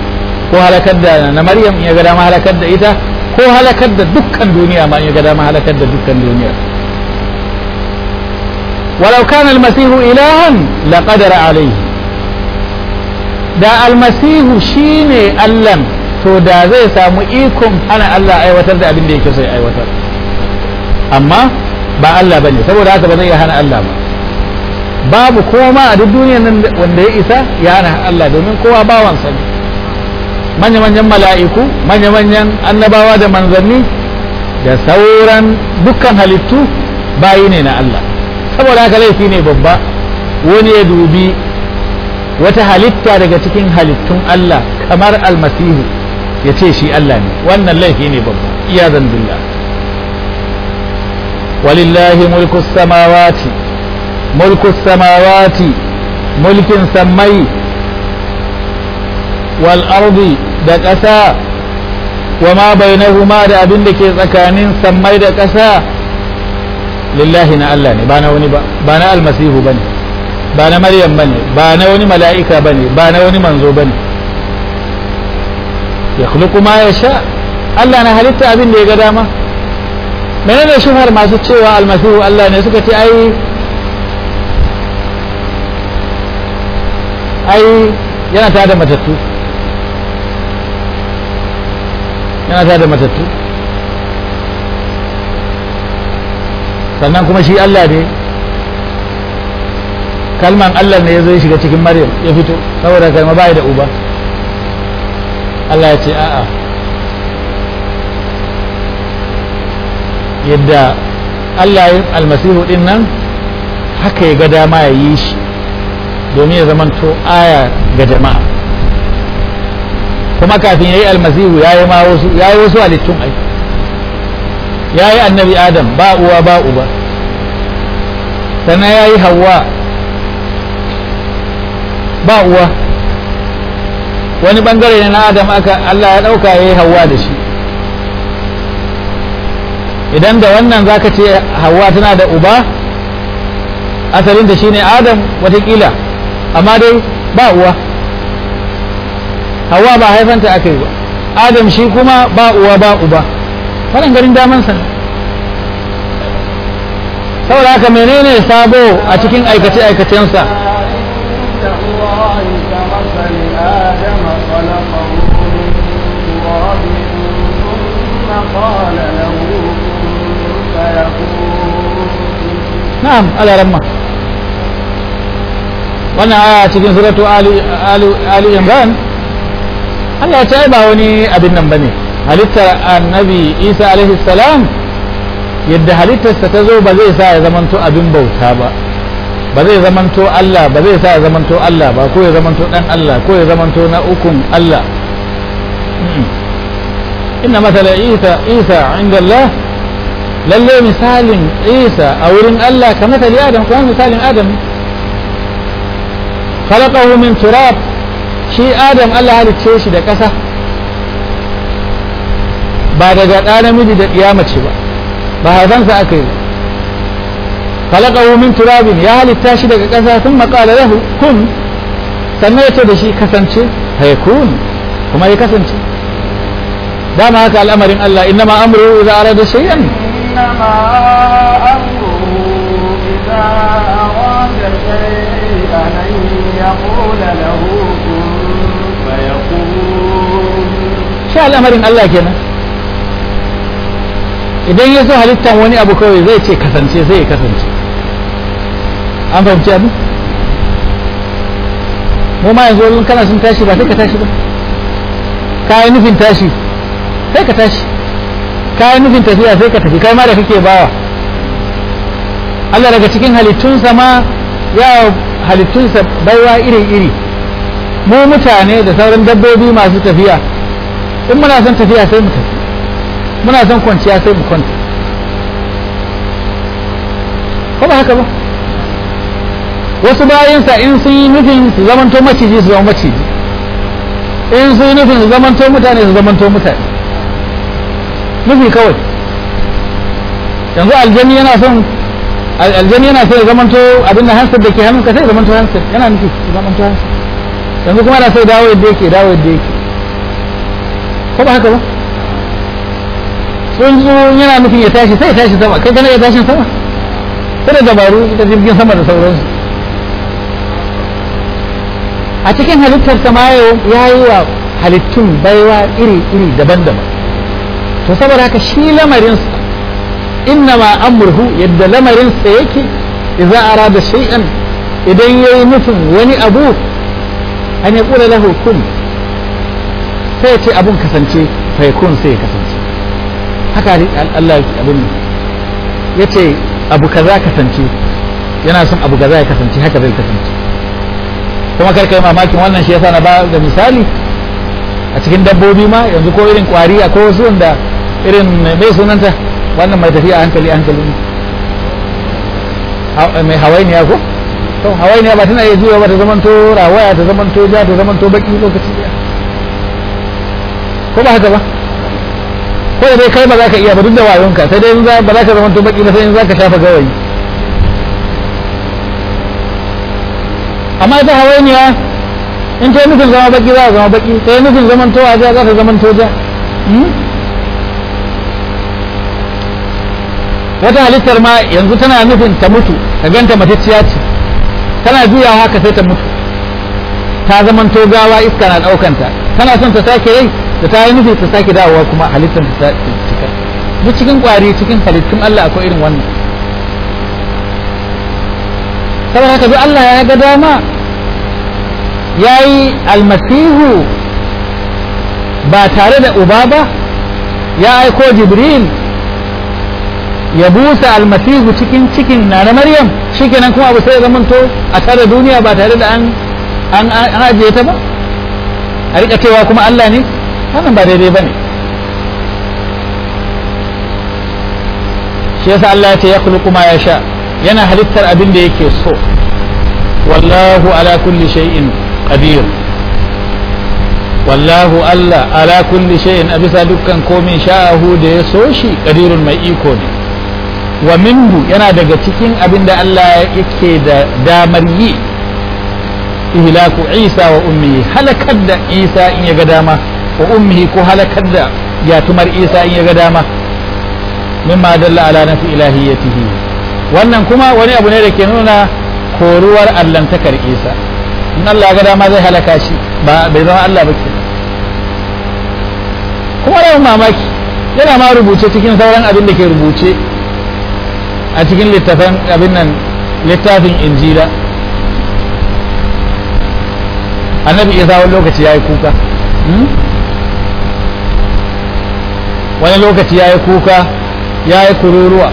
ko halakar da na Maryam ya gada ma halakar da ita ko halakar da dukkan duniya ma ya gada ma halakar da dukkan duniya walau kana almasihu ilahan laqadara alaihi da almasihu shine allan to da zai samu ikon hana allah aiwatar da abin da yake so ya aiwatar amma ba allah bane saboda haka ba zai hana allah ba babu koma a duk duniyar nan wanda ya isa ya hana allah domin kowa bawansa ne manya-manyan mala'iku manya-manyan annabawa da manzanni da sauran dukkan halittu bayi ne na allah saboda haka laifi ne babba wani ya dubi wata halitta daga cikin halittun Allah kamar almasihu ya ce shi Allah ne wannan laifi ne babba iya zambilla walillahi mulkus samawati mulkus samawati mulkin sammai wal ardi da ƙasa wa ma bainahuma da abin da ke tsakanin sammai da ƙasa lillahi na Allah ne ba na wani ba ba na almasihu bane ba na maryam bane ba na wani mala'ika bane ba na wani manzo bane ya khluqu ma yasha Allah na halitta abin da ya ga dama menene shuhar masu cewa almasihu Allah ne suka ce ai ai yana da matattu yana da matattu sannan kuma shi Allah ne kalman Allah ne ya zo shiga cikin Maryam ya fito saboda kalma bai da uba Allah ya ce a'a yadda Allah ya almasihu din nan haka ya ga dama ya yi shi domin ya zamanto aya ga jama'a kuma kafin ya yi almasihu ya yi wasu halittun aiki ya yi annabi adam ba uwa ba uba sannan ya yi hawa ba uwa wani bangare na adam aka Allah ya ɗauka ya yi hawa da shi idan da wannan za ka ce hawa tana da uba da shi ne adam watakila amma dai ba uwa hawa ba haifanta aka yi ba adam shi kuma ba uwa ba uba wannan garin damansa saboda haka menene sabo a cikin aikace-aikacensa na'am ala ramma wannan aya cikin suratu ali imran Allah ya ce ba wani abin nan bane ne halittar annabi isa alaihi salam yadda halittarsa ta zo ba zai sa ya zamanto abin bauta ba ba zai zamanto Allah ba zai sa ya zamanto Allah ba ko ya zamanto dan Allah ko ya zamanto na ukun Allah inna matala isa isa inda Allah lalle misalin isa a wurin Allah ka matali adam kuma misalin adam khalaqahu min turab shi adam Allah halicce shi da ƙasa ba daga ɗa namiji da ɗiya mace ba ba haifansa aka yi khalaqahu min turabin ya halitta shi daga ƙasa sun maƙala lahu kun sannan ya ce da shi kasance haikun kuma ya kasance dama haka al'amarin Allah inna ma amru idza arada shay'an inna ma amru al'amarin Allah kenan idan ya zo halittan wani abu kawai zai ce kasance zai kasance an fahimci abu. mu ma yanzu wani kana sun tashi ba sai ka tashi ba kayan nufin tashi sai ka tashi kayan nufin tafiya sai ka tafi kai ma da kake bawa Allah daga cikin halittunsa ma ya halittunsa baiwa iri-iri mu mutane da sauran dabbobi masu tafiya in muna son tafiya sai mu tafi muna son kwanciya sai mu kwanta ko ba haka ba wasu bayansa in sun yi nufin su zamanto maciji su zama maciji in sun yi nufin su zamanto mutane su zamanto mutane nufi kawai yanzu aljani yana son aljani yana son ya zamanto abin da hansar da ke hannunka sai ya zamanto hansar yana nufi ya zamanto hansar yanzu kuma da sai dawo yadda yake dawo yadda yake ko ba haka ba tsuntsu yana nufin ya tashi sai tashi sama kai kana ya tashi sama kada dabaru ta jirgin sama da sauransu a cikin halittar ta ya yi wa halittun baiwa iri-iri daban-daban to saboda haka shi lamarinsa inna ma amurhu yadda lamarinsa yake idan arada shay'an idan ya yi nufin wani abu an ya kula lahu sai ce abun kasance faikun sai ya kasance haka Allah abin ya ce abu kaza kasance yana son abu kaza ya kasance haka zai kasance kuma karka kai mamakin wannan shi yasa na ba da misali a cikin dabbobi ma yanzu ko irin kwari a ko wasu wanda irin mai sunanta wannan mai tafiya a hankali hankali mai hawainiya ko to hawainiya ba tana iya juya ba ta to rawaya ta to ja ta to baki lokaci ko ba haka ba ko dai kai ba za ka iya ba duk da wayonka sai dai ba za ka zama to baki ba sai in za ka shafa gawayi amma ita hawainiya in ta yi nufin zama baki za a zama baki ta yi nufin zaman towa za ta zaman toja hmm? wata halittar ma yanzu tana nufin ta mutu ka ganta matacciya ce tana juya haka sai ta mutu ta zaman togawa iska na ɗaukanta tana son ta sake yi da ta yi nufi ta sake dawowa kuma halittar ta cika duk cikin kwari cikin halittun Allah akwai irin wannan saboda haka duk Allah ya ga dama ya yi almasihu ba tare da uba ba ya aiko jibril ya busa almasihu cikin cikin na na maryam shikenan kuma abu sai ya zamanto a tare duniya ba tare da an ajiye ta ba a riƙa cewa kuma Allah ne wannan ba daidai ba ne shi yasa Allah ya ce ya kulu kuma ya sha yana halittar abin da yake so wallahu ala kulli shay'in qadir wallahu Allah ala kulli shay'in a bisa dukkan komai sha'ahu da ya so shi qadirun mai iko ne wa minhu yana daga cikin abin da Allah yake da damar yi ihlaku Isa wa ummi halakar da Isa in ya ga dama wa ummihi ko halakar da yatumar isa in ya ga dama min ma dalla ala nafi ilahiyatihi wannan kuma wani abu ne da ke nuna koruwar allantakar isa in Allah ga dama zai halaka shi ba bai zama Allah ba ke kuma da mamaki yana ma rubuce cikin sauran abin da ke rubuce a cikin littafin abin nan littafin injila annabi isa wani lokaci ya yi kuka hmm? wani lokaci ya yi kuka ya yi kururuwa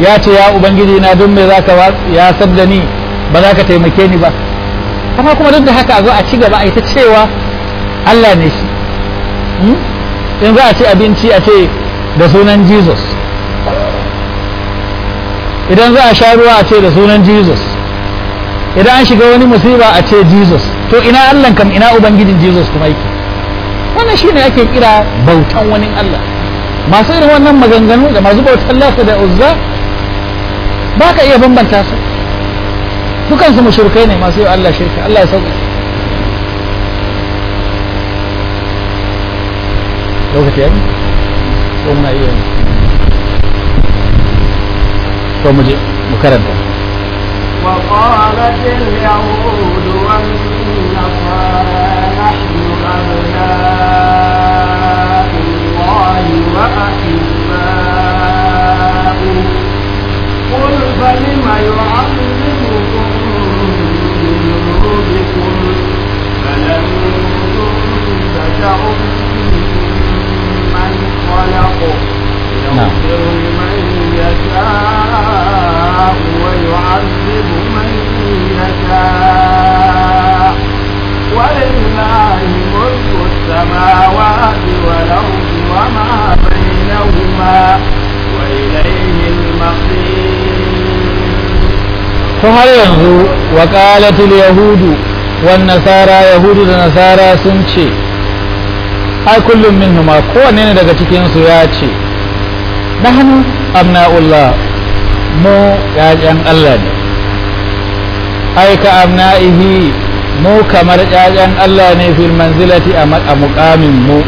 ya ce ya ubangiji na don me zaka ya sabda ni ba za ka taimake ni ba amma kuma duk da haka a zo a ci gaba a ita cewa Allah ne shi hmm? in za a ci abinci a ce da sunan Jesus idan za a sha ruwa a ce da sunan Jesus idan an shiga wani musiba a ce Jesus to ina Allah kam ina ubangijin Jesus kuma yake wannan shine ake kira bautan wani Allah masu irin wannan maganganu da masu bautar lata da uzza ba ka iya bambanta su dukansu mushrikai ne masu yi Allah shirka Allah ya sauka lokaci yanzu ko muna iya ko mu je mu karanta وقالت اليهود والنصارى har yanzu wakalatul yahudu wannan sara yahudu da nasara sun ce ai kullum min huma kowanne ne daga cikinsu ya ce amna abna'ullah mu ƴaƴan Allah ne ai ka amna'ihi mu kamar ƴaƴan Allah ne fil manzilati a muqamin mu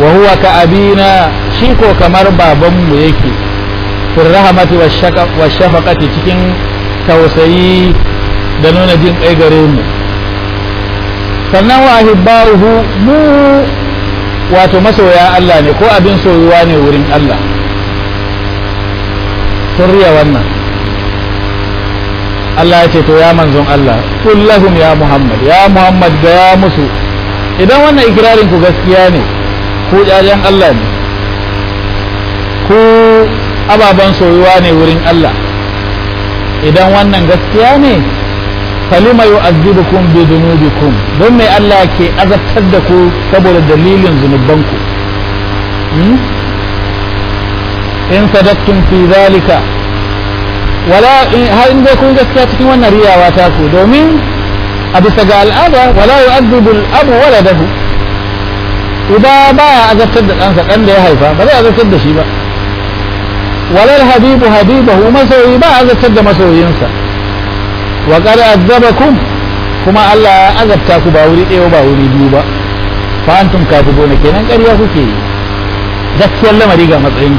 wa huwa ka abina shi ko kamar baban mu yake fil rahmati wash shafaqati cikin tausayi da nuna jin kai gare mu sannan wa ahibbahu mu wato masoya Allah ne ko abin soyuwa ne wurin Allah sun riya wannan Allah ya ce to ya manzon Allah kullahum ya Muhammad ya Muhammad ga ya musu idan wannan ikirarin ku gaskiya ne ku jajen Allah ne ku ababen soyuwa ne wurin Allah idan wannan gaskiya ne فلما يؤذبكم بذنوبكم دون مي الله كي أذبتد دكو كبول دليل ذنوبانكو إن صدقتم في ذلك ولا هل إن يكون جسياتكم ونريا واتاكو دومين أبي سجال أبا ولا يؤذب الأب ولده إذا ما أذبتد أنسى أن لا يهيفا فلا أذبتد شيبا ولا الهبيب هبيبه مسوي ما أذبتد مسوي ينسى wa qad azabakum kuma Allah ya azabta ku ba wuri ɗaya ba wuri biyu ba fa antum kafiruna kenan ƙarya kuke yi gaskiyar lamari ga matsayin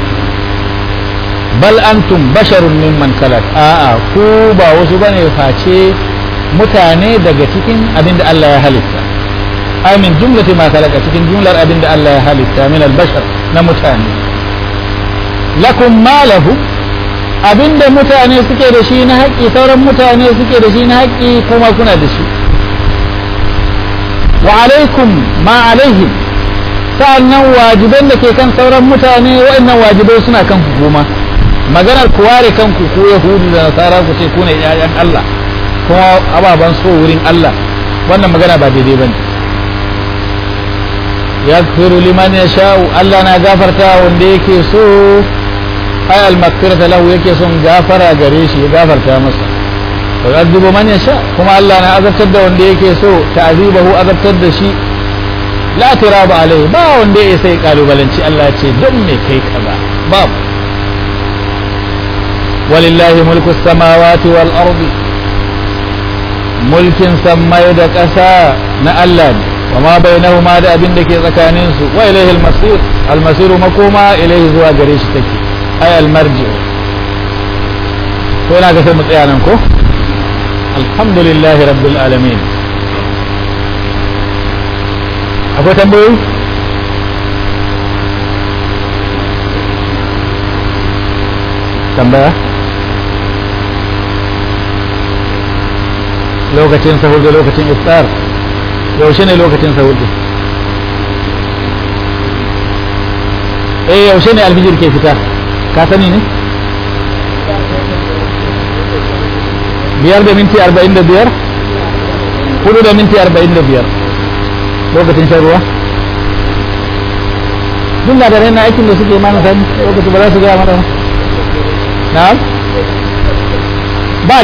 bal antum basharun mimman khalaq a'a ku ba wasu bane face mutane daga cikin abinda Allah ya halitta ai min jumlati ma kalaka cikin jumlar abinda Allah ya halitta min al-bashar na mutane lakum malahu abinda mutane suke da shi na haƙƙi sauran mutane suke da shi na haƙƙi kuma kuna da shi wa alaikum ma alaihim sa'annan wajiban da ke kan sauran mutane wa'annan wajibai suna kan hukuma maganar ku ware kanku ku yahudu da nasara ku ce ku ne ƴaƴan Allah kuma ababan so wurin Allah wannan magana ba daidai bane yaghfiru liman yasha'u Allah na gafarta wanda yake so ay al-maghfirata lahu yake son gafara gare shi ya gafarta masa wa yu'adhibu man yasha kuma Allah na azabtar da wanda yake so ta'zibahu azabtar da shi la tiraba alai ba wanda ya sai kalubalanci Allah ce don me kai kaza babu walillahi mulku samawati wal ardi mulkin sammai da ƙasa na Allah ne وما بينهما da abin da ke tsakaninsu wa ilaihi al al makoma ilaihi zuwa gare shi take أي المرجع ولا كثير متعلمكو الحمد لله رب العالمين أبو تنبوي تنبوي لو كتين سهولدي لو كتين إفتار لو شيني لو كتين سهولدي إيه وشيني ألفجر كيفي تاه ka sani ne biyar da minti arba'in da biyar hudu da minti arba'in da biyar lokacin shan ruwa duk labarai na aikin da suke mana sani lokacin ba za su gaya mana ba